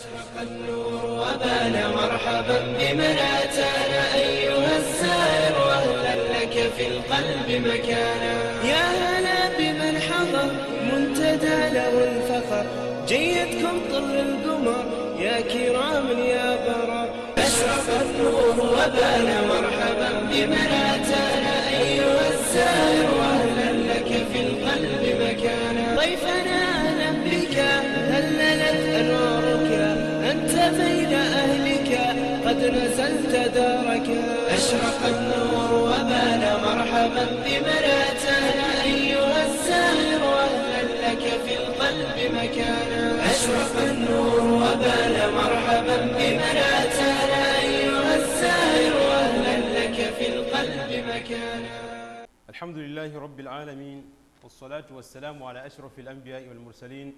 أشرق النور وبان مرحبا بمن أتانا أيها الزائر أهلا لك في القلب مكانا يا هلا بمن حضر منتدى له الفخر جيدكم طر القمر يا كرام يا برا أشرق النور وبان مرحبا بمن أتانا نزلت دارك أشرق النور وبان مرحبا بمن أتانا أيها الساهر أهلا لك في القلب مكانا أشرق النور وبان مرحبا بمن أتانا أيها الساهر أهلا لك في القلب مكانا الحمد لله رب العالمين والصلاة والسلام على أشرف الأنبياء والمرسلين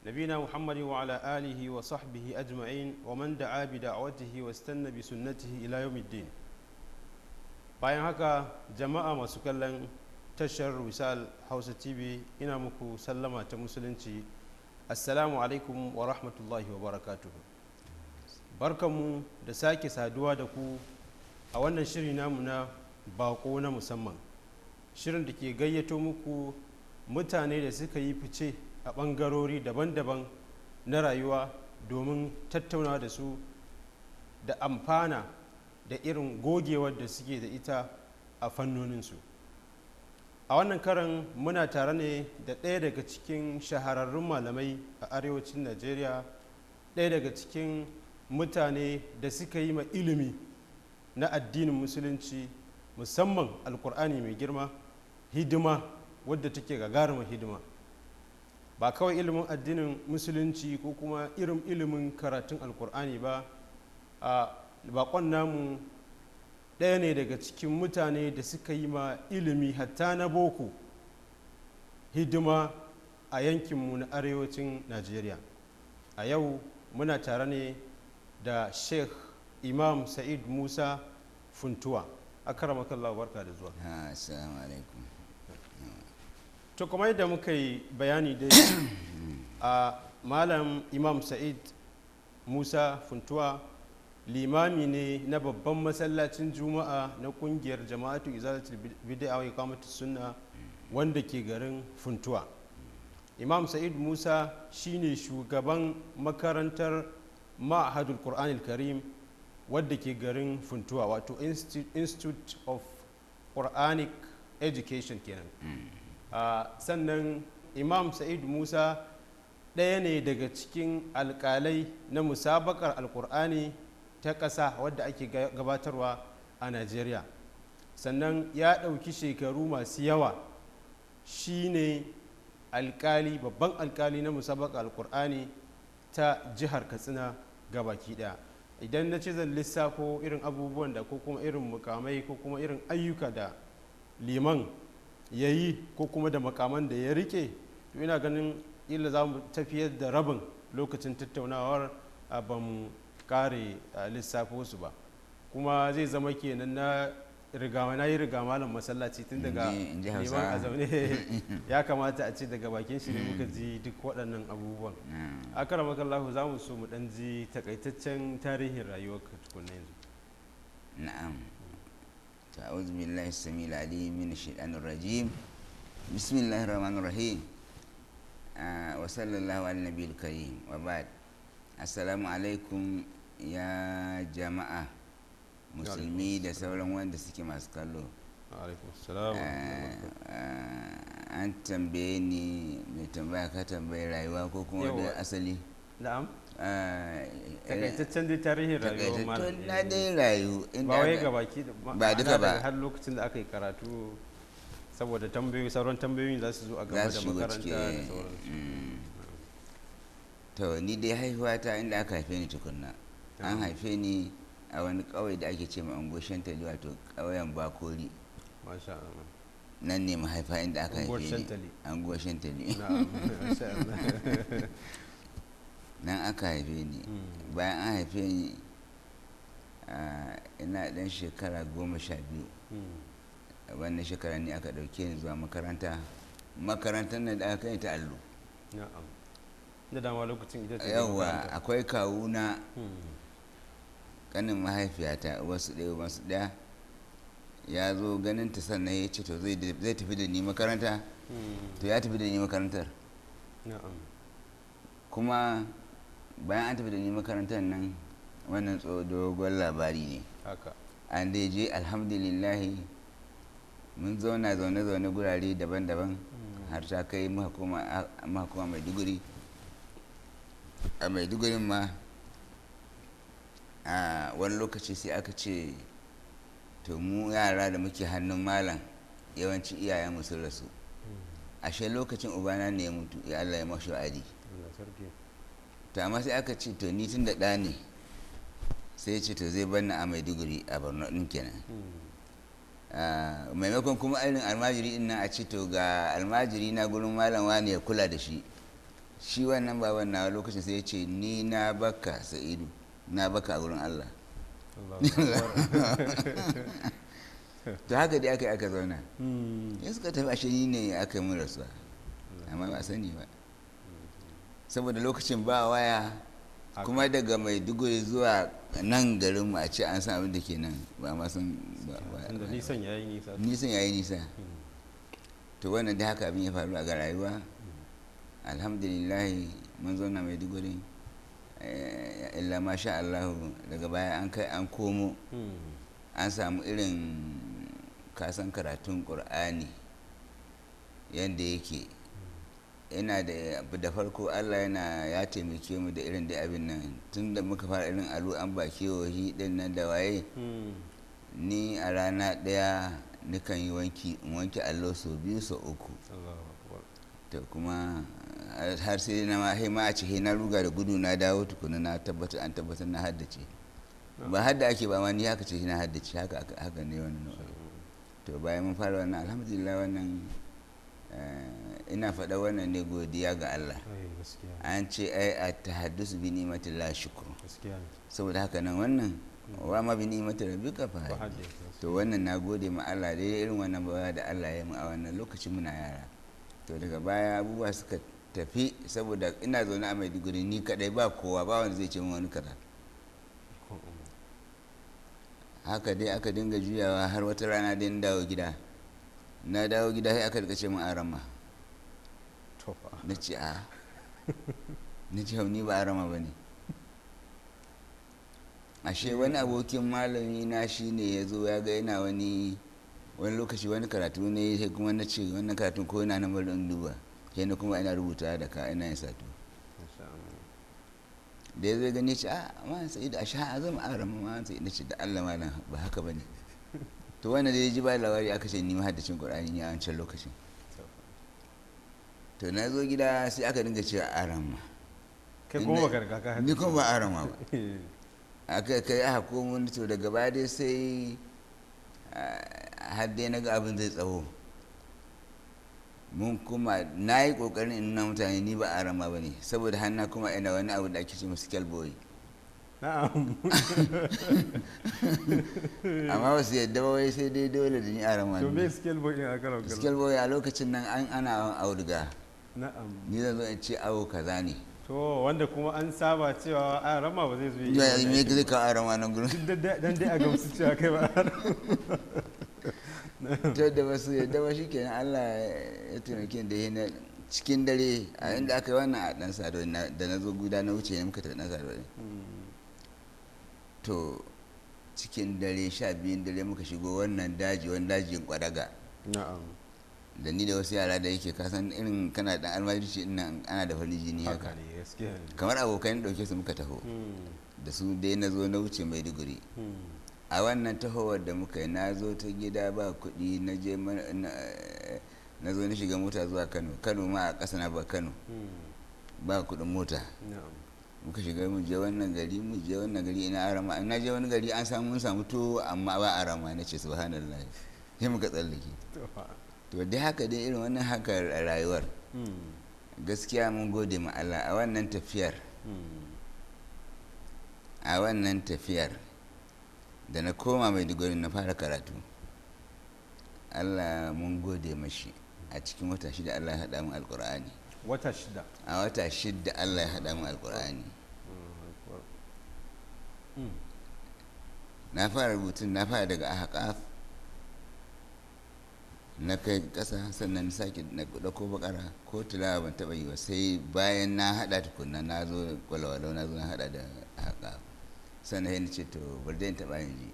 نبينا محمد وعلى آله وصحبه أجمعين ومن دعا بدعوته واستنى بسنته إلى يوم الدين bayan haka jama'a masu kallon tashar wisal hausa tv ina muku sallama ta musulunci assalamu alaikum wa rahmatullahi wa barakatuhu barkanmu da sake saduwa da ku a wannan shiri namu na bako na musamman shirin da ke gayyato muku mutane da suka yi fice a ɓangarori daban-daban na rayuwa domin tattauna da su da amfana da irin gogewar da suke da ita a fannoninsu a wannan karan muna tare ne da ɗaya daga cikin shahararrun malamai a arewacin najeriya ɗaya daga cikin mutane da suka yi ma ilimi na addinin musulunci musamman alkur'ani mai girma hidima wadda take gagarumar hidima ba kawai ilimin addinin musulunci ko kuma irin ilimin karatun alkur'ani ba a bakon namu ɗaya ne daga cikin mutane da suka yi ma ilimi hatta na boko hidima a yankinmu na arewacin najeriya a yau muna tare ne da sheikh imam sa'id musa funtuwa a karamakon labarka da zuwa ah, assalamu alaikum to kuma yadda muka yi bayani dai a malam imam sa'id musa funtuwa limami ne na babban masallacin juma'a na kungiyar jama'atu izalatul bid'a wa iqamatu sunna wanda ke garin funtuwa imam sa'id musa shine shugaban makarantar ma'ahadul qur'anil karim wadda ke garin funtuwa wato institute of quranic education kenan hmm. sannan imam sa'id musa ɗaya ne daga cikin alƙalai na musabakar alƙur'ani ta ƙasa wadda ake gabatarwa a najeriya sannan ya ɗauki shekaru masu yawa shi ne alƙali babban alƙali na musabakar alƙur'ani ta jihar katsina gabaki ɗaya idan na ce zan lissafo irin abubuwan da ko kuma irin mukamai ko kuma irin ayyuka da liman ya yi ko kuma da makaman da ya rike to ina ganin illa za mu tafiyar da rabin lokacin tattaunawar ba mu kare lissafi wasu ba kuma zai zama kenan na rigama na yi rigama malam masallaci tun daga neman a zaune ya kamata a ce daga bakin shi ne muka ji duk waɗannan abubuwan a karamakan lahu za mu so mu ɗan ji takaitaccen tarihin rayuwar tukunan yanzu na'am ta'udhu billahi sami lali min shidanun rajim bismillahi rahman rahim ah, wa sallallahu ala nabi da sauran wanda suke masu kallo ah, ah, an tambaye ni mai tambaya rayuwa ko kuma asali na'am eh, takaitaccen dai tarihin rayuwa malam na dai rayu ba wai ga baki ba duka ba har lokacin da aka yi karatu saboda tambayoyi sauran tambayoyi za su zo a gaba da makaranta da sauransu mm. to ni dai haihuwa ta inda aka haife ni tukunna an haife ni a wani kawai da ake ce ma angoshen tali wato kauyen bakori nan ne mahaifa inda aka haife ni angoshen tali nan aka haife ni bayan an haife ni ina dan shekara goma sha biyu hmm. wannan shekara ne aka dauke ni zuwa makaranta makarantar nan da aka yi ta allo da dama lokacin ita ce yawa akwai kawuna kanin hmm. mahaifiyata wasu ɗaya wasu ɗaya ya zo ganin ta sannan ya ce to zai tafi da ni makaranta hmm. to ya tafi da ni makarantar kuma bayan an tafi da ni makarantar nan wannan dogon labari ne an dai je alhamdulillahi mun zauna zaune-zaune gurare daban-daban mm. har ta kai mahakuma maiduguri a maidugurin ma a wani lokaci sai aka ce to mu yara da muke hannun malam yawancin iyayen sun rasu mm. ashe lokacin ubana ne ya mutu ya allah ya mashi wa'adi to amma sai aka ce to ni tun da ɗa ne sai ce to zai banna a maiduguri a borno ɗin kenan hmm. ah, maimakon kuma irin almajiri ina a ce to ga almajiri na gurin malam wani ya kula da shi shi wannan baban na lokacin sai ya ce ni na baka sa'idu na baka a gurin allah to haka dai aka yi aka zauna ya hmm. suka tafi ashe ni ne aka yi mun amma ba sani ba saboda lokacin ba waya kuma daga maiduguri zuwa nan garin mu a ce an samu da ke nan ba ma nisan ya nisa nisan ya nisa hmm. to wannan da haka abin ya faru a ga rayuwa alhamdulillahi mun zauna maiduguri eh, illa masha allahu daga baya an kai an komo hmm. an samu irin kasan karatun ƙur'ani yadda yake yana da abu da farko allah yana ya taimake mu da irin da abin nan tun da muka fara irin alu an ba kewahi din nan da waye hmm. ni a rana daya nukan yi wanki wanki allo sau biyu sau uku to kuma eh, har sai na mahi ma a cikin na ruga da gudu na dawo tukuna na tabbatar an tabbatar na haddace ba ah. hadda ake ba wani haka ce na haddace haka haka ne wani, to bayan mun fara wannan alhamdulillah wannan eh, ina faɗa wannan ne godiya ga Allah an ce ai a tahaddus bi ni'matin la shukru saboda haka nan wannan wa ma bi ni'matin rabbika fa to wannan na gode ma Allah dai irin wannan bawa da Allah ya mu a wannan lokacin muna yara to daga baya abubuwa suka tafi saboda ina zaune a Maiduguri ni kadai ba kowa ba wanda zai ce min wani kaza haka dai aka dinga juyawa har wata rana dai na dawo gida na dawo gida sai aka rikace ce min arama na ce a na ce ni ba rama ba ne ashe wani abokin malami na shi ne ya zo ya ga yana wani wani lokaci wani karatu ne ya kuma na ce wani karatu ko yana nan barin duba ke na kuma ina rubuta da ka ina yin sato da ya zai gani ce a man sai da asha a zama a rama ma sai da ce da Allah malam ba haka ba ne to wannan da ya ji ba lawari aka ce ni ma haddacin Qur'ani ne a wancan lokacin to na zo gida sai aka dinga cewa arama kai kuma baka riga ka ni kuma ba arama ba eh. aka kai aka komo to daga baya dai sai ah, har dai na ga abin zai tsawo mun kuma na yi kokarin in na mutane ni ba arama ba ne saboda hannu kuma ina wani abu da ake ce musu boy na'am amma ba su yadda ba wai sai dai dole da ni arama ne to me boy a lokacin nan an ana auduga ni zan zo in ce awo kaza ne to wanda kuma an saba cewa a rama ba zai zo yi ya me zai ka a rama nan gurin dan dai a gamsu cewa kai ba to da ba su yadda ba shikenan Allah ya taimake da na cikin dare a inda aka yi wannan a dan sado da na zo guda na wuce ne muka ta dan sado hmm. to cikin dare sha biyun dare muka shigo wannan daji wani dajin kwadaga na'am da ni da wasu yara da yake kasan irin kana da almajirci ina ana da farin jini haka kamar abokan dauke su muka taho hmm. da su dai na zo na wuce mai diguri hmm. a wannan tahowar da muka yi na zo ta gida ba kuɗi na je na zo na shiga mota zuwa kano kano ma a ƙasa na ba kano hmm. ba kuɗin mota muka shiga mu je wannan gari mu je wannan gari ina arama na je wani gari an samu mun samu to amma ba arama na ce subhanallah sai muka tsallake to dai haka dai irin wannan haka rayuwar hmm. gaskiya mun gode ma Allah a wannan tafiyar hmm. a wannan tafiyar da na koma mai digori na fara karatu Allah mun gode mashi a cikin wata shida Allah ya haɗa mu alƙur'ani wata shida a wata shida Allah ya haɗa mu alƙur'ani hmm. na fara rubutun na fara daga ahqaf na kai ƙasa sannan na sake na ko bakara ko tilawa ban taɓa yi ba sai bayan na haɗa tukunna na zo walwalau na zo na haɗa da haƙa sannan yana ce to bari dai taɓa yin ji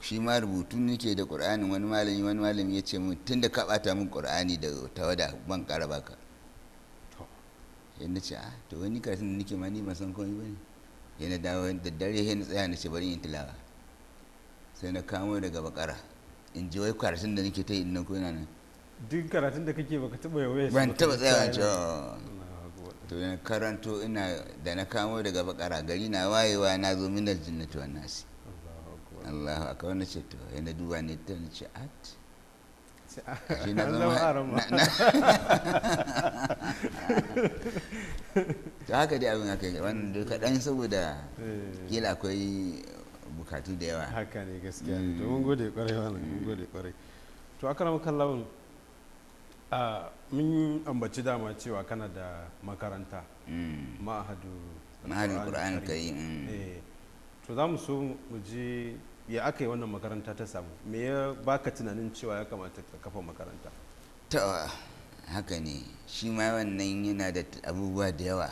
shi ma rubutu nake da ƙur'anin wani malami wani malami ya ce min da ka ɓata min ƙur'ani da tawada ban ƙara baka yana ce a ah, to wani karatun da nake ma ni ban san komai ba ne yana dawo da dare yana tsaya na ce bari yin tilawa sai na kamo daga bakara in ji wai karatun da nake ta yi nan ko yana nan duk karatun da kake baka taba yawaye. ban taba tsayawa ce to ne karanto ina da na kamo daga bakara gari na wayewa na zo min da jinnatu wa nasi Allahu akbar wannan ce to yana duba ne ta ce at ah, shi na zama to haka dai abin haka wannan duka kaɗan saboda eh. kila akwai bukatu da yawa haka ne gaskiya to mun gode kwarai wannan mun gode kwarai to akara makallabin mun yi ambaci dama cewa kana da makaranta mm. ma'ahadu ma'ahadu qur'an kai mm. eh, to za mu so mu ji ya aka yi wannan makaranta ta samu me ya baka tunanin cewa ya kamata ka kafa makaranta ta haka ne shi ma wannan yana da abubuwa da yawa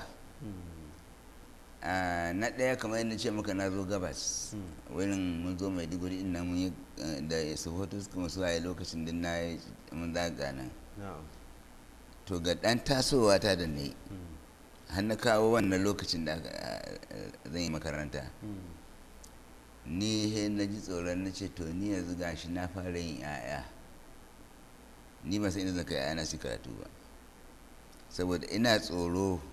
na ɗaya kamar yadda ce maka na zo gabas wurin mun zo maiduguri ina mun yi da sohoto kuma su waye lokacin da na yi mun zaga nan to ga ɗan tasowa ta da ne hannu kawo wannan lokacin da zan yi makaranta ni he na ji tsoron na ce to ni yanzu shi na fara yin 'ya'ya ni ba sai ina zaka 'ya'ya na su karatu ba saboda ina tsoro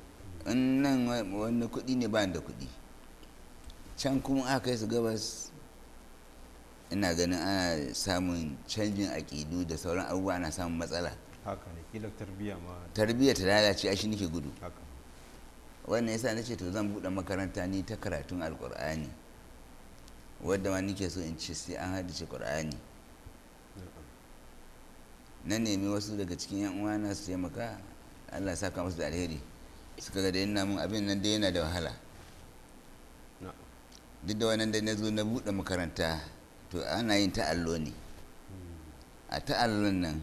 nan wani kuɗi ne ba da kuɗi can kuma aka yi su gabas ina ganin ana samun canjin aƙidu da sauran abubuwa ana samun matsala haka ne kila tarbiyya ma tarbiyya ta lalace a shi nake gudu haka wannan yasa nace to zan buɗe makaranta ni ta karatun alƙur'ani wadda ma nake so in ci sai an haddace ƙur'ani na nemi wasu daga cikin yan uwana su taimaka Allah saka musu da alheri suka ga da yana mun abin nan da yana da wahala duk da wannan da na zo na buɗe makaranta to ana yin ta'allo ne hmm. a ta'allon nan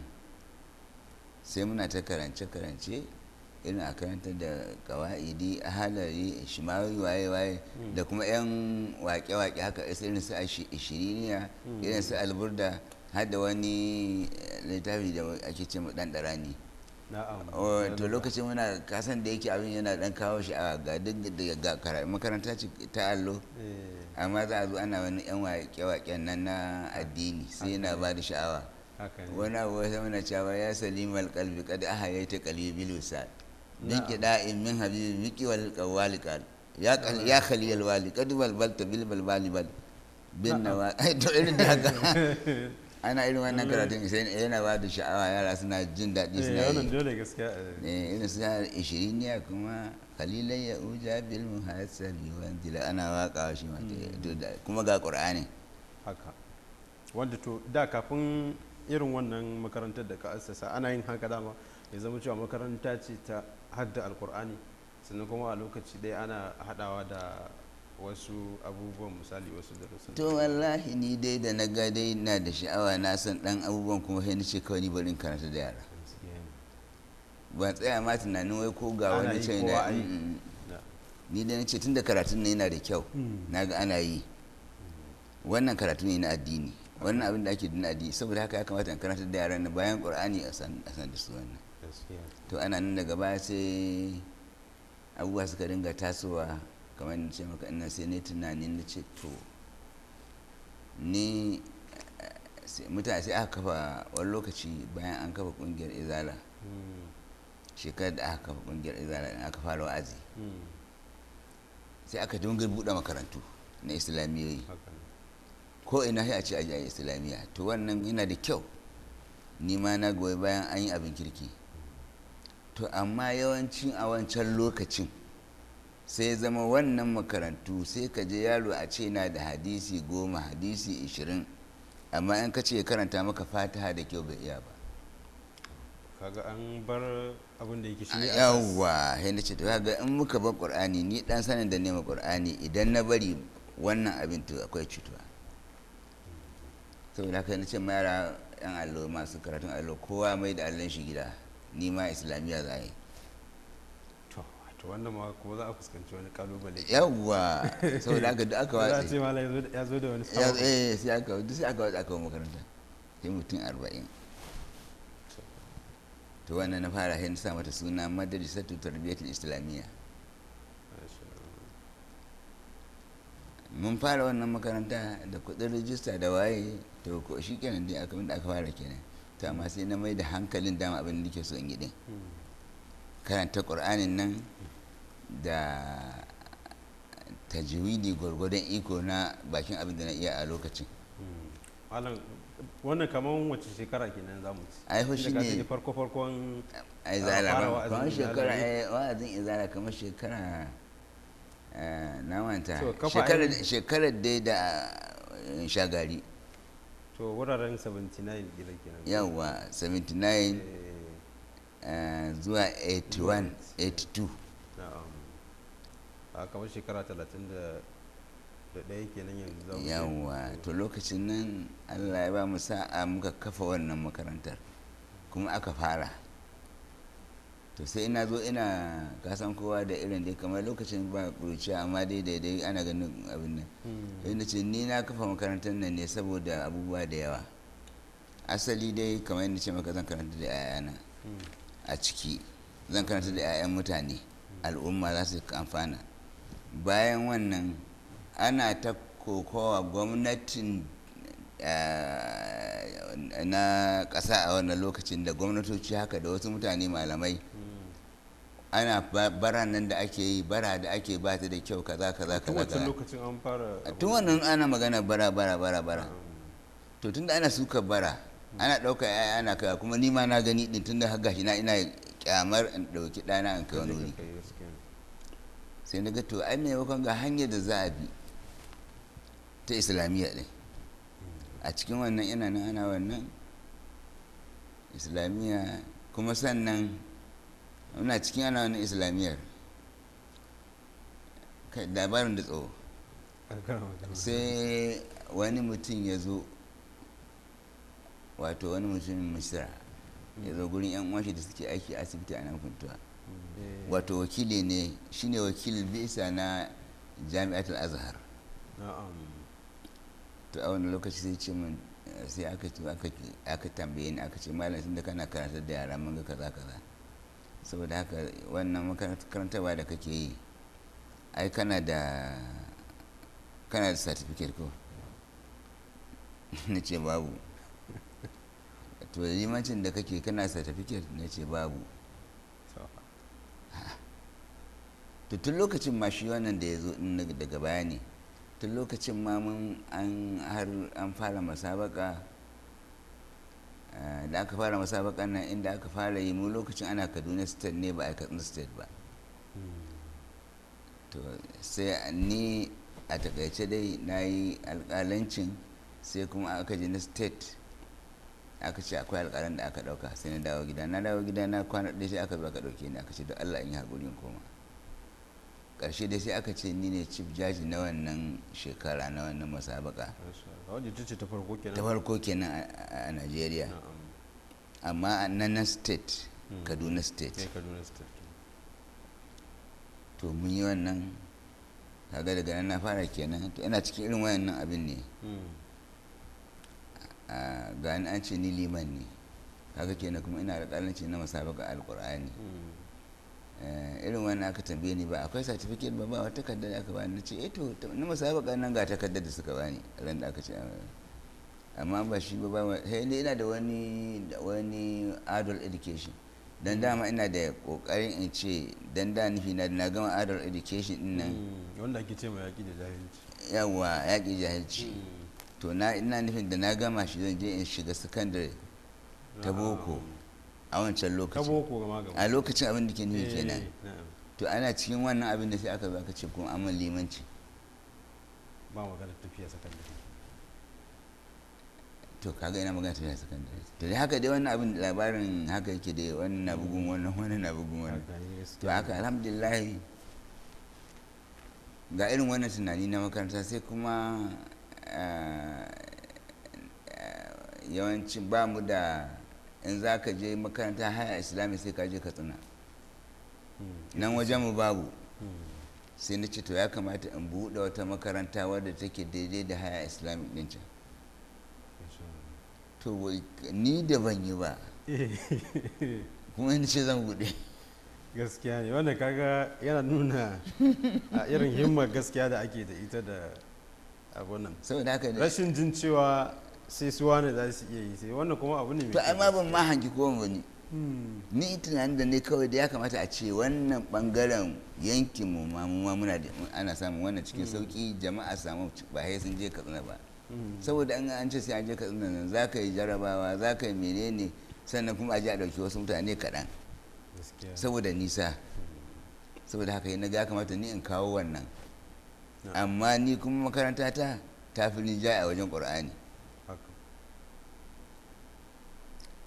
sai muna ta karance-karance irin a karanta da kawa'idi a halari shimawai waye-waye hmm. da kuma 'yan wake-wake haka irin su ashiriniya hmm. irin su alburda har wani eh, littafi da ake ce mu ɗanɗara ne Oh, to lokacin muna kasan da yake abin yana dan kawo shi a ga daga makaranta ce ta allo eh. amma za a zo ana wani yan waƙe-waƙen nan na addini sai yana ba da sha'awa wani abu wata muna cewa ya salima alƙalbi kada aha ya ta kalibi lusa don kiɗa in min habibi miki wal kawali ya khaliyal wali kadu ta bil bali bal bin nawa to irin da ana irin wannan eh. karatun sai yana ba da sha'awa yara suna jin daɗi suna eh, yi wannan dole gaskiya ne eh. irin suna ishiriniya kuma kalilai ya uja bil muhasabi wandila ana waka shi mata hmm. kuma ga qur'ani haka wanda to da kafin irin wannan makarantar da ka assasa ana yin haka dama ya zama cewa makaranta ce ta hadda alqur'ani sannan kuma a lokaci ɗaya ana haɗawa da wasu abubuwan misali wasu darasin to wallahi ni dai da na ga dai na da sha'awa na san dan abubuwan kuma sai ni ce kawai ni barin karatu da yara ban tsaya ma tunanin wai ko ga wani ce na ni dai na ce tun da karatun ne yana da kyau mm. na ga ana yi wannan karatu ne na addini wannan abin da ake na addini saboda haka ya kamata in karanta da yaran bayan qur'ani a san da su wannan to ana nan daga baya sai abubuwa suka dinga tasowa kamar da ce maka ina sai ne tunani na ce to ni eh, mutane sai aka kafa wani lokaci bayan an kafa kungiyar izala hmm. shekarar da aka kafa kungiyar izala in aka fara wa'azi hmm. sai aka dungar buɗe makarantu na islamiyoyi ko ina sai a ce aji a islamiyya to wannan yana da kyau ni ma na goyi bayan an yi abin kirki to amma yawancin a wancan lokacin sai zama wannan makarantu sai ka je yaro a ce na da hadisi goma hadisi ishirin amma in ka ce karanta maka fataha da kyau bai iya ba kaga an bar abin da yake shi yawa sai na ce kaga in muka bar qur'ani ni dan sanin da nema qur'ani idan na bari wannan abin to akwai cutuwa saboda haka na ce mara yan allo masu karatun allo kowa mai da allon shi gida ni ma islamiyya za yi to wannan ma kuma za a fuskanci wani kalubale yawwa saboda aka duk aka watsa ce mala ya zo da wani sabon eh sai aka duk sai aka wace aka makaranta sai mutum arba'in to wannan na fara hin sa mata suna madrasatu tarbiyatul islamiyya mun fara wannan makaranta da kudin rijista da waye to ko shi kenan dai aka aka fara kenan to amma sai na mai da hankalin dama abin da nake so in yi din hmm. karanta qur'anin nan da tajwidi gwargwadon iko na bakin abin da na iya a lokacin wannan kamar wace shekara kenan za mu ci ai fa da farko farkon ai zara ba kamar shekara ai wa'azin izara kamar shekara eh, na wanta shekara dai da eh, shagari to wuraren 79 gida kenan yawa 79 eh. zuwa 81 82 a kamar shekara talatin da ɗaya kenan yanzu za to lokacin nan allah ya ba mu sa'a muka kafa wannan makarantar kuma aka fara to sai ina zo ina kasan kowa da irin dai kamar lokacin ba kuruci amma dai daidai ana ganin abin nan sai hmm. na ce ni na kafa makarantar nan ne saboda abubuwa da yawa asali dai kamar yadda ce maka zan karanta da 'ya'yana hmm. a ciki zan karanta da 'ya'yan mutane hmm. al'umma za su amfana bayan wannan ana ta kokowa gwamnatin eh, na ƙasa a wannan lokacin da gwamnatoci haka da wasu mutane malamai ana bara nan da ake yi bara da ake ba ta da kyau kaza kaza kaza tun lokacin an fara tun wannan ana magana bara bara bara bara ah. to tun da ana suka bara hmm. ana ɗauka ya ana kaiwa kuma nima na gani din tun da gashi na ina kyamar in ɗauki ɗana in kai wani sai na ga to ne maimakon ga hanyar da za a bi ta islamiyya ɗin a cikin wannan ina nan ana wannan islamiyya kuma sannan muna cikin ana wannan islamiyyar dabarin da tsawo sai wani mutum ya zo wato wani mutum misira ya zo gurin yan uwanshi da suke aiki asibiti a nan kuntuwa Eh. wato wakili ne shine wakilin visa na jami'atul azhar to a wani lokaci sai ce mun sai aka aka tambaye ni aka ce malam tunda kana karanta da yara mun ga kaza kaza saboda haka wannan makarantarwa da kake yi ai kana da kana da certificate ko na ce babu to limancin da kake kana certificate na ce babu to tun lokacin ma shi wannan da ya zo daga baya ne tun lokacin ma mun an har an fara masabaka eh, da aka fara masabakan nan inda aka fara yi mu lokacin ana kaduna state ne ba a katsina state ba hmm. to sai ni a takaice dai na yi alkalancin sai kuma aka ji na state aka ce akwai alkalan da aka dauka sai na dawo gida na dawo gida na kwana ɗaya sai aka zo aka dauke ni aka ce da allah in yi in koma Karshe dai sai aka ce ni ne chief jaji na wannan shekara na wannan masabaka ta farko kenan a nigeria amma a nan state hmm. kaduna state eh, to mun yi wannan kaga daga nan na fara kenan to ina cikin irin wayannan abin ne hmm. ga an ce ni liman ne kaga kenan kuma ina da ce na masabaka alkur'ani hmm. Eh, irin wannan aka tambaye ni ba akwai certificate ba ba wata takarda da aka bani na ce eto eh to na musabaka nan ga takarda da suka bani ran da aka ce ah. amma ba shi ba ba sai ina da wani wani adult education dan dama ina da kokarin in ce dan da nufi na na gama adult education din nan hmm, wanda ake ce ma yaki da jahilci yawa yaki jahilci hmm. to na ina nufin da na gama shi zan je in shiga secondary ta boko ah. a wancan lokacin a lokacin abin da ke nuna eh, kenan to ana cikin wannan abin da sai aka zo ce kuma amin limanci ba maganar tafiya sakandare to kaga ina magana tafiya sakandare to dai haka dai wannan abin labarin haka yake dai wannan na bugun wannan wannan na bugun wannan to haka alhamdulillah ga irin wannan tunani na makaranta sai kuma eh, eh, yawancin ba mu da in za ka je makaranta haya islami sai ka je katsina hmm. nan wajen mu babu hmm. sai na ce to ya kamata in buɗe wata makaranta wadda take daidai da haya islami ɗin can to ni da ban yi ba kuma in ce zan buɗe gaskiya ne wanda kaga yana nuna a irin himmar gaskiya da ake da ita da abunan rashin jin cewa sai suwa ne za su iya yi sai wannan kuma abu ne mai to ai ma ban ma hangi ko wani hmm. ni tunanin da ne kawai da ya kamata a ce wannan bangaren yankin mu ma mu muna da ana samun wannan cikin hmm. sauki jama'a samu ba sai sun je katsina ba hmm. saboda an an ce sai an je katsina nan za ka yi jarabawa za ka yi menene sannan kuma a je a ɗauki wasu mutane kaɗan saboda nisa saboda haka yana ga kamata ni in kawo wannan amma ni kuma makaranta ta ta fi a wajen ƙur'ani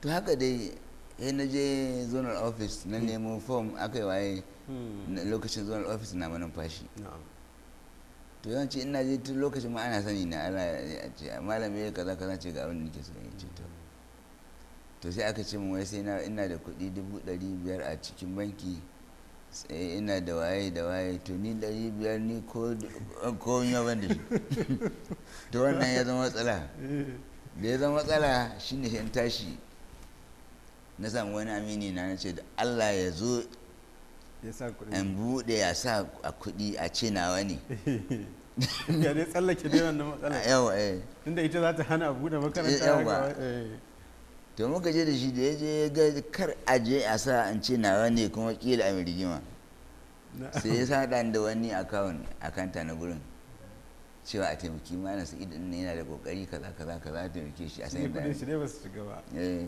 to haka dai ya na je zonal office na hmm. nemo form aka yi waye hmm. lokacin zonal office na fashi to yawanci ina je tun lokacin ma ana sani na ala ya ce malam ya kaza kaza ce ga abin da ke so ya ce to to sai aka ce min wai sai ina da kuɗi dubu ɗari biyar a cikin banki sai ina da waye da waye to ni ɗari biyar ni ko yi ban da shi to wannan ya zama matsala eh. da ya zama matsala shine in tashi na samu wani amini na na ce da allah ya zo in bude a sa a kudi a ce nawa ne ya dai tsallake dai wannan matsala yawa eh inda ita za ta hana a buɗe makaranta eh, yawa eh. to muka je da shi da ya je ga kar a je a sa an ce nawa ne kuma kila a rigima sai ya sa dan da wani akawun kanta na gurin cewa a taimaki mana su idan yana da kokari kaza kaza kaza taimake shi a sai da shi ne ba su shiga ba eh.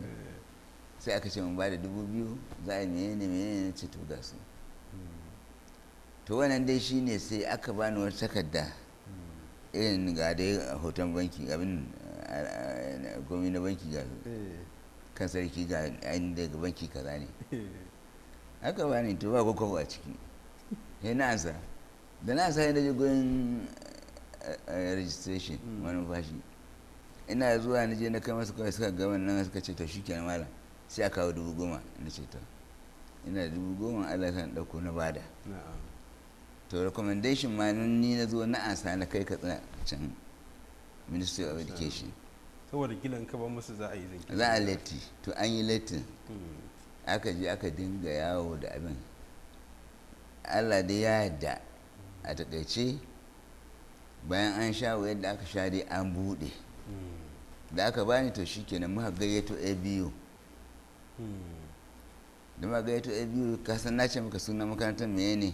sai aka ce mun ba da dubu biyu za a yi menene menene na ce to gasu to wannan dai shi ne sai aka bani wata takarda irin ga dai hoton banki abin gomi na banki ga kan sarki ga ainihin daga banki kaza ne aka bani to ba kwakwa a ciki sai na ansa da na ansa yadda goyon eh, eh, registration wani hmm. fashi ina zuwa na je na kai masu kawai suka gaban nan suka ce to shi kenan malam sai a kawo dubu goma na ceto ina da dubu goma allah kan ɗauko na bada to recommendation ma ni na zuwa na asa na kai katsina can ministry of education saboda gilan ka ba musu za a yi zinki za a latti to an yi latti hmm. aka je aka dinga yawo da abin allah dai ya yadda a takaice bayan an sha yadda aka sha dai an buɗe hmm. da aka bani to shikenan muka gayyato abu Hmm. da ma ga yato abu ka san na ce maka suna makarantar mai ne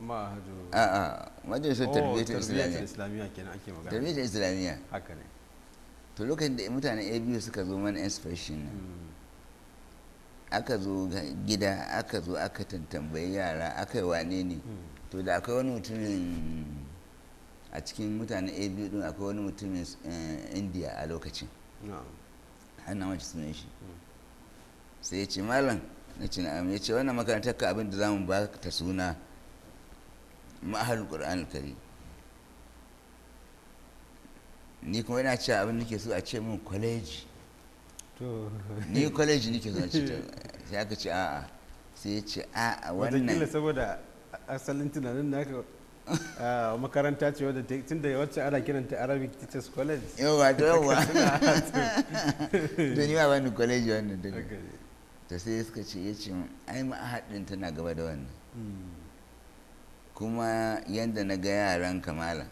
ma'ahadu a'a majalisar tarbiyyar oh, islamiyya islamiyya kenan ake magana tarbiyyar islamiyya haka ne to lokacin da mutanen abu suka zo mana inspection nan hmm. aka zo gida aka zo aka tantambayi yara aka yi wane ne hmm. to da akwai wani mutumin a cikin mutanen abu din akwai wani mutumin eh, indiya a lokacin hannun wacce sunan shi sai ya ce malam na ce na'am ya ce wannan makarantar ka abin da za mu ba ta suna ma'ahal ƙur'an kari ni kuma yana cewa abin nike so a ce min kwaleji ni kwaleji nake so a ce sai aka ce a'a sai ya ce a'a wannan wata saboda asalin tunanin naka makaranta ce wadda tun da wacce ana kiranta arabic teachers college yawa to yawa da ni ba wani college wannan daga ta sai suka ce ya ce ai ma'ahadin tana gaba da wannan hmm. kuma yadda na ga yaran kamala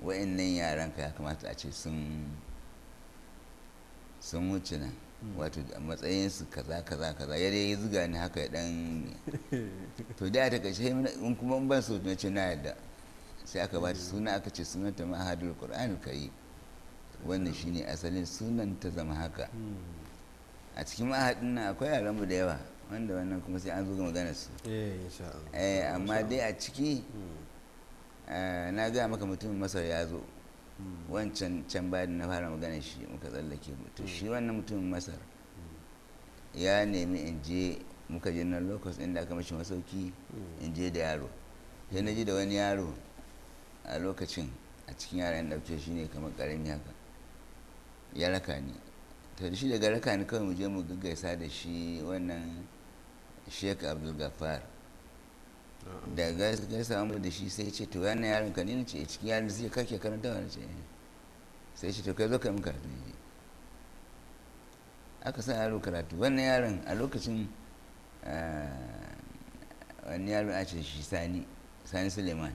wa'annan yaran ka ya kamata a ce sun wuce nan hmm. wato a matsayinsu kaza kaza kaza ya dai zuga ni haka ya dan to da ta kashe in kuma ban so na ce na yadda sai aka ba hmm. suna aka ce sunanta mahadul ka yi. wannan shine asalin sunan ta zama haka a cikin mahaɗin nan akwai yaranmu da yawa wanda wannan kuma sai an zo ga maganar su eh, eh, amma dai a ciki hmm. eh, na gaya maka mutumin masar ya zo hmm. wancan can bayan na fara magana shi muka tsallake mutu shi hmm. wannan mutumin masar ya nemi in je muka je nan locus inda aka mashi masauki in je da yaro sai na ji da wani yaro a lokacin a cikin yaran ɗauke shi ne kamar ƙarami haka ya raka ni ta shi daga raka ni kawai muje mu gaggaisa da shi wannan sheik abdul gafar da gaisa mu da shi sai ce to yana yaron ka ne ce eh, cikin yaron sai kake karanta wani ce eh. sai ce to kai zo ka min karatu ne eh. aka sa yaro karatu wannan yaron a lokacin wani yaro a ce shi sani sani suleiman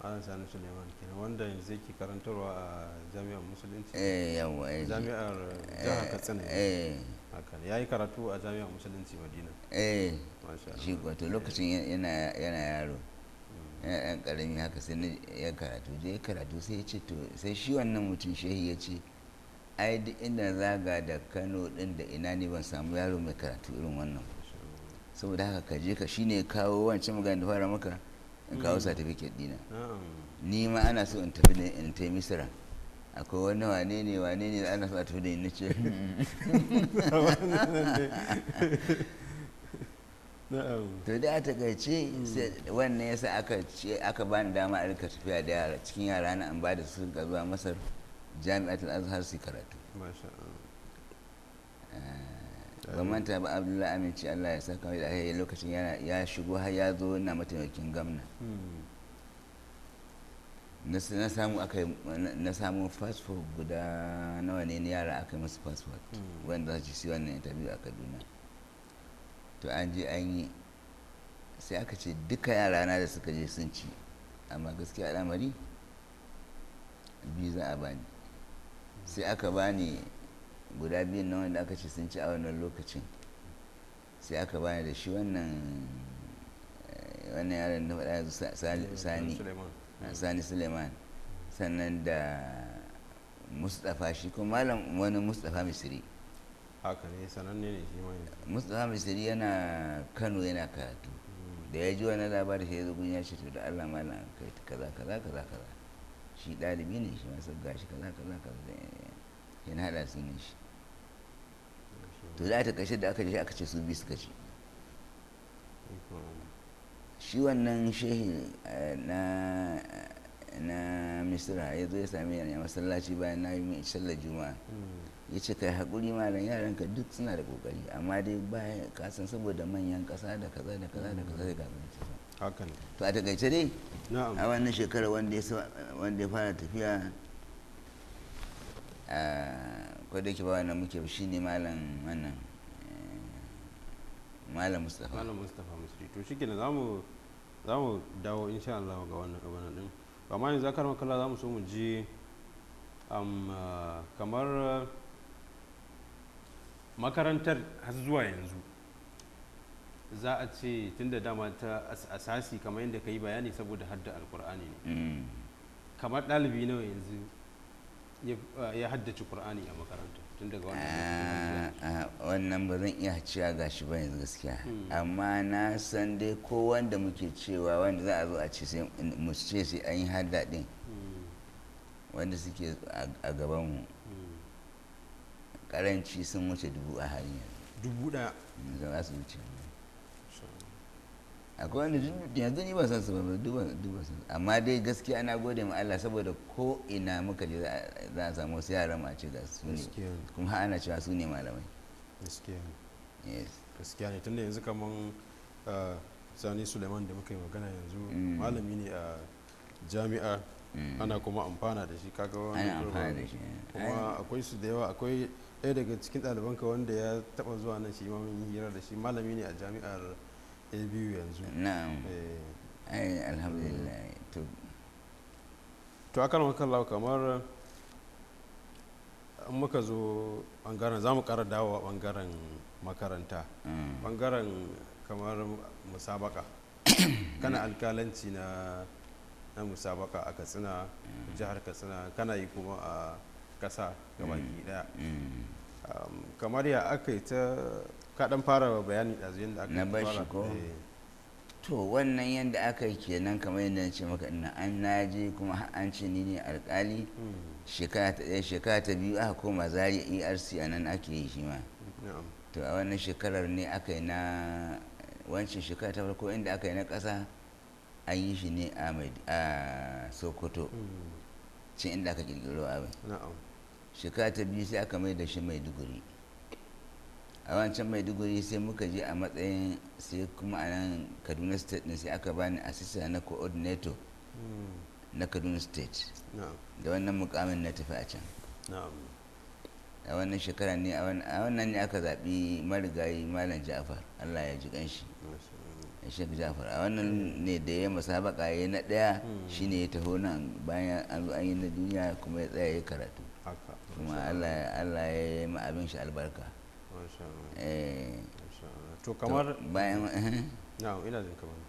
malam sani suleiman kenan wanda yanzu yake karantarwa a jami'ar musulunci eh, eh. jami'ar jihar katsina eh, hakan ya yi karatu a jami'ar musulunci madina eh shi wato lokacin yana yaro mm. yana dan karami haka sai ya karatu zai karatu sai ya ce to sai shi wannan mutum shehi ya ce ai duk inda zaga da kano ɗin da ina ne ban samu yaro mai karatu irin wannan saboda haka ka ka shine kawo wancan magana da fara maka in kawo mm. certificate dina ni ma ana so in tafi da ta yi misira akwai wani wane ne wane ne ana so a tafi da ni ce to da a takaice wannan yasa aka ce aka dama a rika tafiya da yara cikin yara na an ba da su ga zuwa masar jami'atul azhar su karatu eh. gwamnati ba abdullahi aminci allah ya saka da alheri lokacin ya shigo har ya zo na mataimakin gamna na samu aka na samu fasfo guda nawa ne yara aka yi masu fasfot wanda za su ci wannan interview a kaduna to an je an yi sai aka ce duka yara na da suka je sun ci amma gaskiya al'amari biza a bani sai aka bani guda biyun nan wanda aka ce sun ci a wannan lokacin sai aka bani da shi wannan eh, wannan yaron da faɗa yanzu sani ah, sani suleiman sannan da mustapha shi kuma malam wani mustapha misiri haka ne sananne ne shi mustapha misiri yana kano yana karatu da ya ji wani labarin shi ya zo ya ce to da allah malam kai kaza kaza kaza kaza shi ɗalibi ne shi masu gashi kaza kaza kaza eh, yana haɗa su ne shi to za ta kashe da aka ji aka ce su bi suka ci shi wannan shehi eh, na na misira ya zo ya sami yana masallaci bayan na yi mai sallar juma'a ya ce kai haƙuri malam yaran ka duk suna da ƙoƙari amma dai bayan kasan saboda manyan ƙasa da kaza da kaza da kaza da kaza to a takaice dai a wannan shekarar wanda ya fara tafiya a eh, ko da yake ba wannan muke shi ne malam wannan eh, malam mustapha malam mustapha musulmi to shi kenan za mu dawo insha Allah ga wannan abin din amma yanzu akar makalla mu so mu ji ah, kamar makarantar har zuwa yanzu za a ce tun da dama ta asasi kamar yadda ka yi bayani saboda hadda alkur'ani ne mm. kamar ɗalibi nawa yanzu ya haddace qur'ani a makarantu tun daga wannan ah, ah, wannan ba zan iya cewa gashi ba yanzu gaskiya hmm. amma na san dai ko wanda muke cewa wanda za a zo a ce sai mu ce sai an yi hadda din hmm. wanda suke a gaban mu hmm. karanci sun wuce dubu a hanyar dubu da za su wuce akwai wanda yanzu ni ba san su ba duba duba su amma dai gaskiya ana gode ma Allah saboda ko ina muka je za a samu wasu yaran ma ce ga su ne kuma ana cewa su ne malamai gaskiya yes gaskiya ne tunda yanzu kaman ah, sani suleiman da muka yi magana yanzu mm. malami ne a jami'a mm. ana kuma amfana da shi kaga wani eh. kuma akwai su da yawa akwai ɗaya daga cikin ɗalibanka wanda ya taɓa zuwa nan shi ma mun hira da shi malami ne a jami'ar ya eh, biyu yanzu na'am eh. ai alhamdulillah to to akan wakan lawa kamar an muka zo bangaren za mu kara dawowa bangaren makaranta mm. bangaren kamar musabaka kana alkalanci na na musabaka a katsina mm. jihar katsina kana yi kuma a kasa gabaki daya mm. kamar ya aka yi ta Kaɗan fara fara bayani ɗazu yadda aka na ko eh. to wannan yadda aka yi kenan kamar yadda na ce maka ina an naje kuma an ce ni ne alkali hmm. shekara ta ɗaya shekara ta biyu aka koma zari erc a nan ake yi shi ma to a wannan shekarar ne aka yi na wancan shekara ta farko inda aka yi na ƙasa an yi shi ne a sokoto hmm. cin inda aka kirkiro abin shekara ta biyu sai aka mai da shi maiduguri a wancan maiduguri sai muka je a matsayin sai kuma a nan kaduna state ne sai aka bani assistant na coordinator hmm. na kaduna state da wannan mukamin na tafi a can a wannan shekara ne a wannan ne aka zaɓi marigayi malam ja'far allah ya ji kanshi shek ja'far a wannan ne da ya masabaka ya na ɗaya hmm. shine ya taho nan bayan an zo an yi na duniya kuma ya tsaya ya karatu kuma allah ya yi ma abin shi albarka Eh, to kamar bayan eh?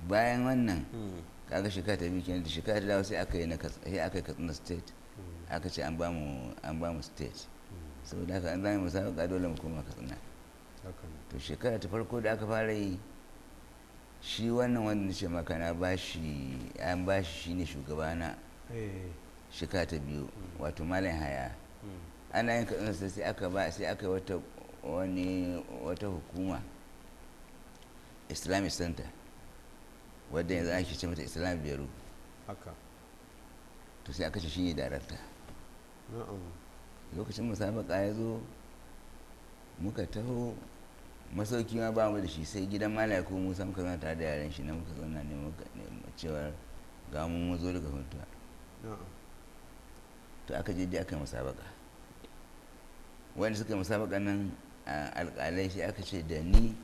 bayan wannan hmm. kaga shekara ta biyu kenan da shekara ta dawo sai aka yi na sai aka yi katsina state hmm. aka ce an bamu an bamu state hmm. saboda haka an zama musabaka dole mu koma katsina to shekara ta farko da aka fara yi shi wannan wanda ce makana na bashi an bashi shi shine shugabana eh. shekara ta biyu wato malam haya ana yin katsina sai aka ba sai aka wata wani wata hukuma islamic center wadda yanzu ake ce mata islam biyar to sai aka ce shi ne darakta lokacin musabaka ya zo muka taho masauki ma ba mu da shi sai gidan malaiku musa muka zana tare da yaren shi na muka zauna ne muka cewar ga mu mu zo daga huntuwa to aka je aka yi musabaka wani suka yi musabaka nan alƙalai sai aka ce da ni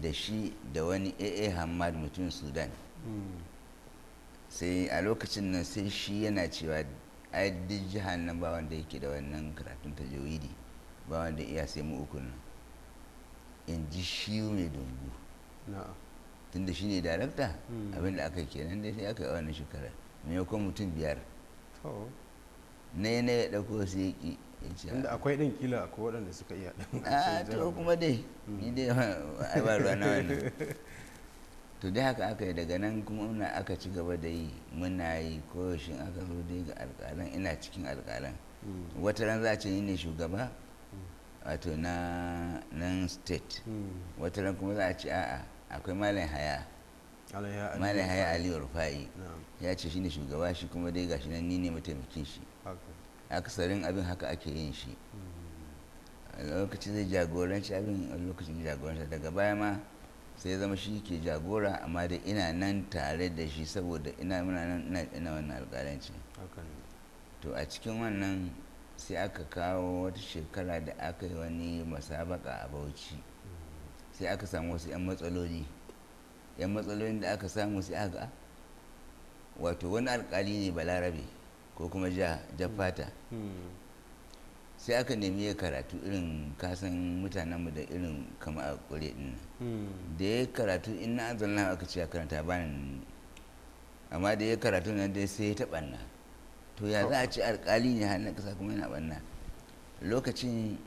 da shi da wani aa hamad mutum sudan sai a lokacin nan sai shi yana cewa a duk jihar nan ba wanda yake da wannan karatun ta jawidi ba wanda iya sai mu uku nan in ji shi mai dungu tun da shi ne darakta hmm. abinda aka kenan dai sai aka yi wannan shekara maimakon mutum biyar na yanayi ya ɗauko sai ya ƙi inda akwai ɗin kila akwai waɗanda suka iya ɗin a ah, to kuma dai hmm. ni dai ai ba ruwa na wani. to dai haka aka yi daga nan kuma muna aka ci gaba da yi muna yi koyaushe aka zo dai ga alƙalan ina cikin alƙalan hmm. wata ran za a ce ni ne shugaba hmm. wato na nan state wata ran kuma za a ce a'a akwai malam haya malam haya aliyu rufa'i ya ce shi ne shugaba shi kuma dai gashi nan ni ne mataimakin shi akasarin abin haka ake yin shi a lokacin zai jagoranci abin a lokacin jagoranta daga baya ma sai zama shi ke jagora amma da ina nan tare da shi saboda ina muna nan ina wannan alƙalanci to a cikin wannan sai aka kawo wata shekara da aka yi wani masabaka a bauchi sai aka samu wasu 'yan matsaloli 'yan matsalolin da aka samu sai aka wato wani alkali ne balarabe ko kuma ja hmm. fata hmm. sai aka nemi ya karatu irin kasan mutanenmu da irin kama a kure din hmm. da ya karatu in na azalna aka ce karanta bani amma da ya karatu nan dai sai ya taɓa na to ya za a ci alƙali ne hannun ƙasa kuma yana ɓanna lokacin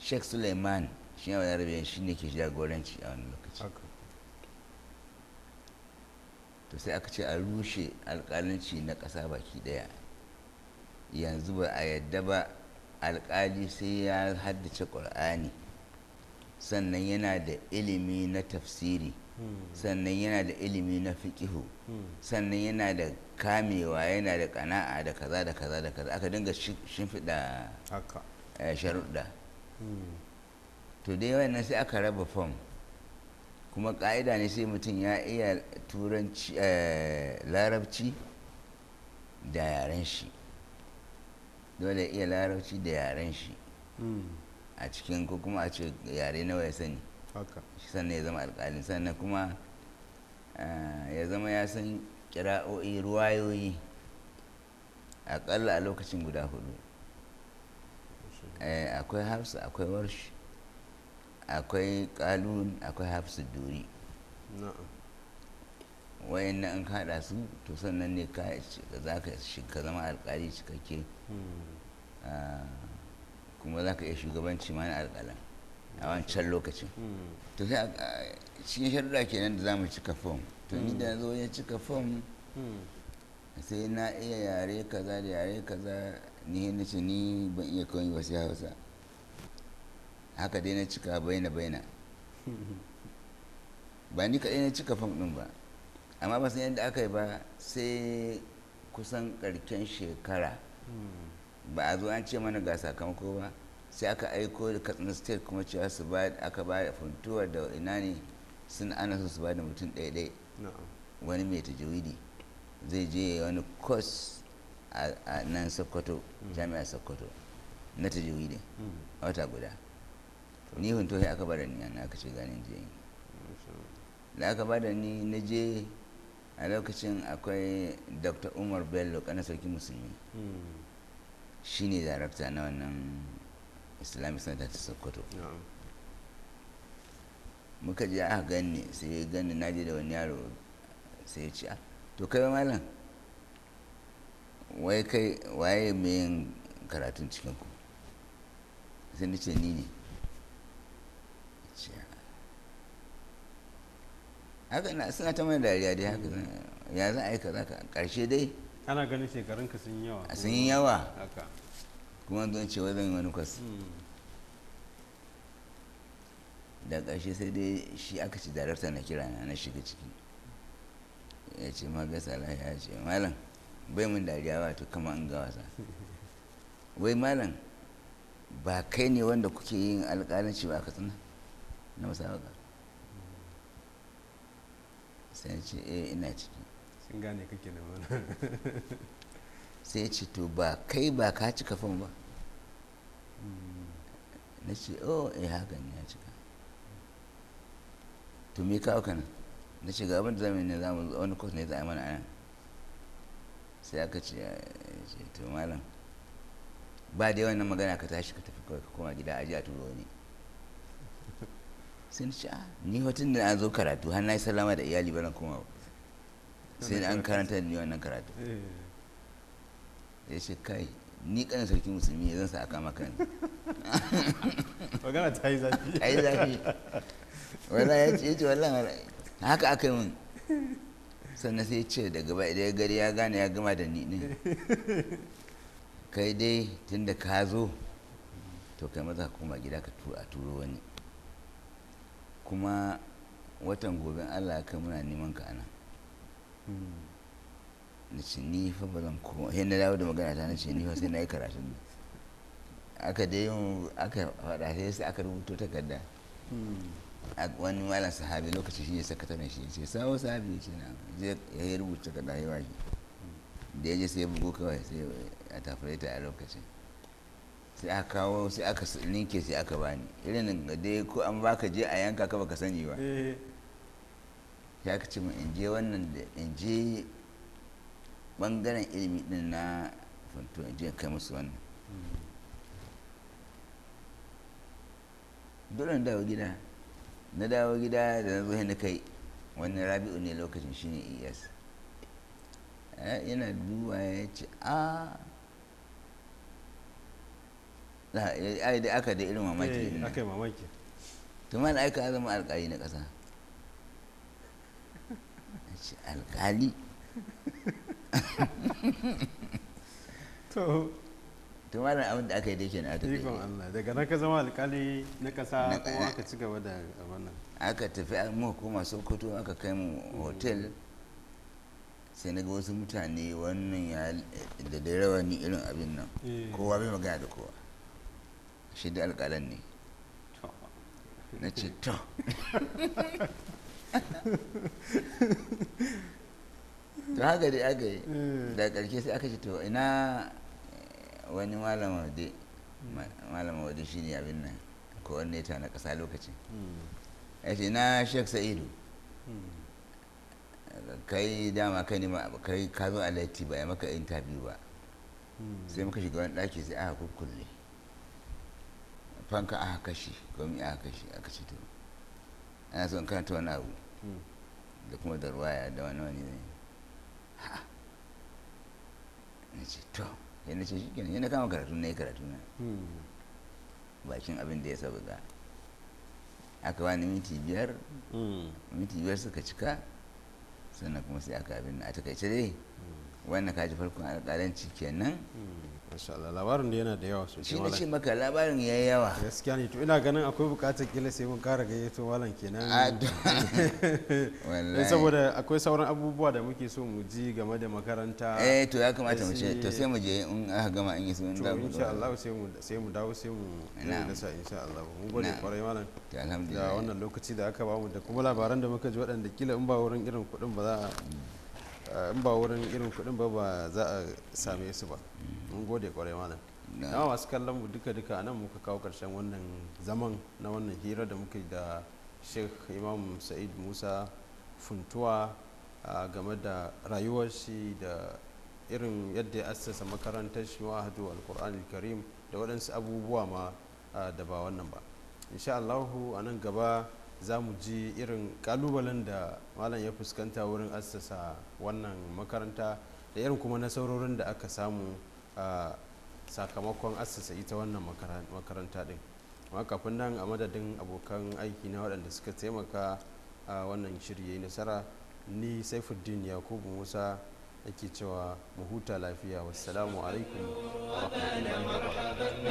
sheikh suleiman shi yawon yarabe shi ne ke jagoranci a wani lokaci to sai aka ce a rushe alƙalanci na ƙasa baki ɗaya yanzu ba a yadda ba alƙali sai ya haddace ƙur'ani sannan yana da ilimi na tafsiri hmm. sannan yana da ilimi na fiƙihu hmm. sannan yana da kamewa yana da kana'a da kaza da kaza da kaza aka dinga shimfiɗa eh, sharuɗa hmm. to dai wannan sai aka raba fom kuma ƙa'ida ne sai mutum ya iya turanci eh, larabci da yaren shi dole iya larabci da yaren shi hmm. a cikin ko kuma a ce yare nawa ya sani shi sannan ya zama alƙalin sannan kuma eh, ya zama ya san kira'o'i ruwayoyi akalla a lokacin guda hudu eh, akwai hafsa akwai warshi akwai kalun akwai hafsa duri wayan na an kada su to sannan ne ka za ka shiga zama alkali cikakke hmm. ah, kuma za ka iya shugabanci ma na alkalan a wancan lokacin hmm. to sai cikin sharuɗa kenan da za mu cika fom to ni da hmm. zo ya cika fom sai na iya yare kaza da yare kaza ni na ce ni ban iya kawai ba sai hausa haka dai na cika baina baina ba ni kaɗai na cika fom ɗin ba amma ba san yadda aka yi ba sai kusan karken shekara ba a zo an ce mana ga sakamako ba sai aka aiko da katsina state kuma cewa su ba aka ba da funtuwa da ina ne sun ana su su ba da mutum ɗaya wani mai tajawidi zai je wani kos a nan sokoto hmm. jami'ar sokoto na tajawidi hmm. a wata guda ni hunto aka ba da ni aka ce ganin je da aka ba da ni na je a lokacin akwai dr umar bello kanan sarki musulmi shi ne darakta na wannan islamic center ta sokoto muka je aka gani sai ya gani na je da wani yaro sai ya ce a ah, to kai malam wai kai waye mai yin karatun cikinku sai ni ce ni ne haka na suna ta mana dariya dai haka ya za a yi kaza ka karshe dai ana ganin shekarun ka sun yawa sun yi yawa kuma don cewa zan wani kwas hmm. da karshe sai dai shi aka ci darakta na kira na na shiga ciki ya ce ma gasa ya ce malam bai mun dariya ba to kama an ga wasa wai malam ba kai ne wanda kuke yin alƙalanci ba ka tsina na haka sai ce e ina ciki sun gane kake da wani sai ce to ba kai ba ka cika fom ba hmm. na ce oh eh hakan ya cika to me kawo kana na ce ga abin da zamani ne zamu wani kwas ne za a mana anan sai aka ce to malam ba da yawan magana ka tashi ka tafi kawai koma gida aji a turo ne sai na ce a ah, ni hotun da an zo karatu har na yi salama da iyali bana kuma sai an karanta da ni wannan karatu ya ce kai ni kanin sarki musulmi ya zan sa a kama kan magana ta yi zafi ta yi zafi wala ya ce ce wala haka aka yi mun sannan sai ce daga ba idan gari ya gane ya gama da ni ne kai dai tun da ka zo to kai maza kuma gida ka a turo wani kuma watan gobe allah ka muna neman ka ana hmm. na ce ni fa ba zan ko sai na dawo da magana ta na ce ni fa sai na yi karatun ne aka dai yin aka faɗa sai sai aka rubuto takarda hmm. wani malam sahabi lokacin shi ya sakataren shi ce sawo sahabi ya ce na ya yi rubuta takarda ya ba shi hmm. da ya je sai bugu kawai sai a tafare ta a lokacin sai aka kawo sai aka ninke sai aka bani irin dai ko an baka je a yanka ka baka sani ba ya eh. ka ce in je wannan da in je bangaren ilimi din na fanto in je kai musu wannan dole na dawo gida na dawo gida da na zo na kai wannan rabi'u ne lokacin shine iyas e eh, yana duba ya ce a ah, ai da aka da irin mamaki eh, ne aka yi mamaki tuma da aika zama alkali na ƙasa alkali to tuma da abin da aka yi da ke na tafi ikon Allah daga nan ka zama alkali na ƙasa kuma aka ci gaba da wannan aka tafi an mu koma sokoto aka kai mu hotel sai na ga wasu mutane wannan ya da da rawani irin abin nan eh. kowa bai magana da kowa shi da alƙalan ne na ce to to haka dai aka yi mm. da ƙarshe sai aka ce to ina wani malama wade malama wade shi ne abin nan ko wani ta na ƙasa lokacin mm. ya ce na shek sa'idu mm. kai dama kai ne kai ka zo a latti ba ya maka interview ba sai muka shiga wani ɗaki sai aka kukkulle fanka aka kashe komi aka kashe aka ce to ana son karanta wani abu hmm. da kuma da ruwaya da wani wani ne ha na ce to yana ce shi kenan yana kama karatu na yi karatu na hmm. bakin abin da ya ga aka wani minti biyar hmm. minti biyar suka cika sannan kuma sai aka abin a takaice dai wannan kaji farkon alƙalanci kenan hmm, masha Allah labarin da yana da yawa sosai shi ne ce maka labarin ya yi yawa gaskiya ne to ina ganin akwai bukatar kila sai mun kara gayyato walan kenan ah, wallahi saboda akwai sauran abubuwa da muke so mu ji game da makaranta eh to ya kamata mu ce to sai mu je in aka gama in yi su to insha Allah sai mu sai mu dawo sai mu dasa insha Allah mun gode kwarai malam alhamdulillah da wannan lokaci da aka ba mu da kuma labaran da muka ji waɗanda kila in ba wurin irin kuɗin ba za a in ba wurin irin kuɗin ba ba za a same su ba mun gode kwarai nan na masu kallon mu duka duka nan muka kawo karshen wannan zaman na wannan hira da muka muke da sheikh imam sa'id musa funtuwa game da rayuwar shi da irin yadda ya assasa makarantar shi hadu alkur'an karim da waɗansu abubuwa ma da ba wannan ba insha allahu a nan gaba za mu ji irin kalubalen da malam ya fuskanta wurin assasa wannan makaranta da irin kuma nasarorin da aka samu a sakamakon assasa ita wannan makaranta din amma kafin nan a madadin abokan aiki na waɗanda suka taimaka a wannan shirye nasara ni saifuddin yakubu musa ake cewa mu huta lafiya wassalamu alaikum wa rahmatullahi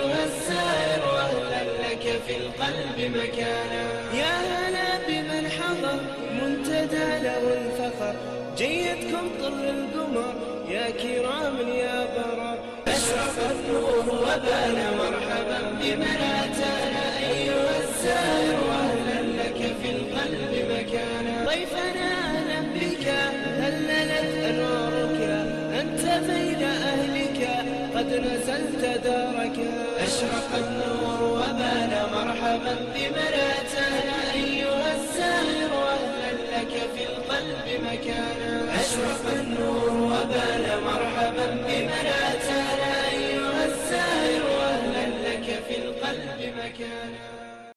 wa barakatuh في القلب مكانا يا هلا بمن حضر منتدى له الفخر جيدكم طر القمر يا كرام يا برا أشرف النور وبان مرحبا بمن أتانا أيها الزائر بمراته أيها الساهر أهلا لك في القلب مكانا أشرق النور وبان مرحبا بمراته أيها الساهر أهلا لك في القلب مكانا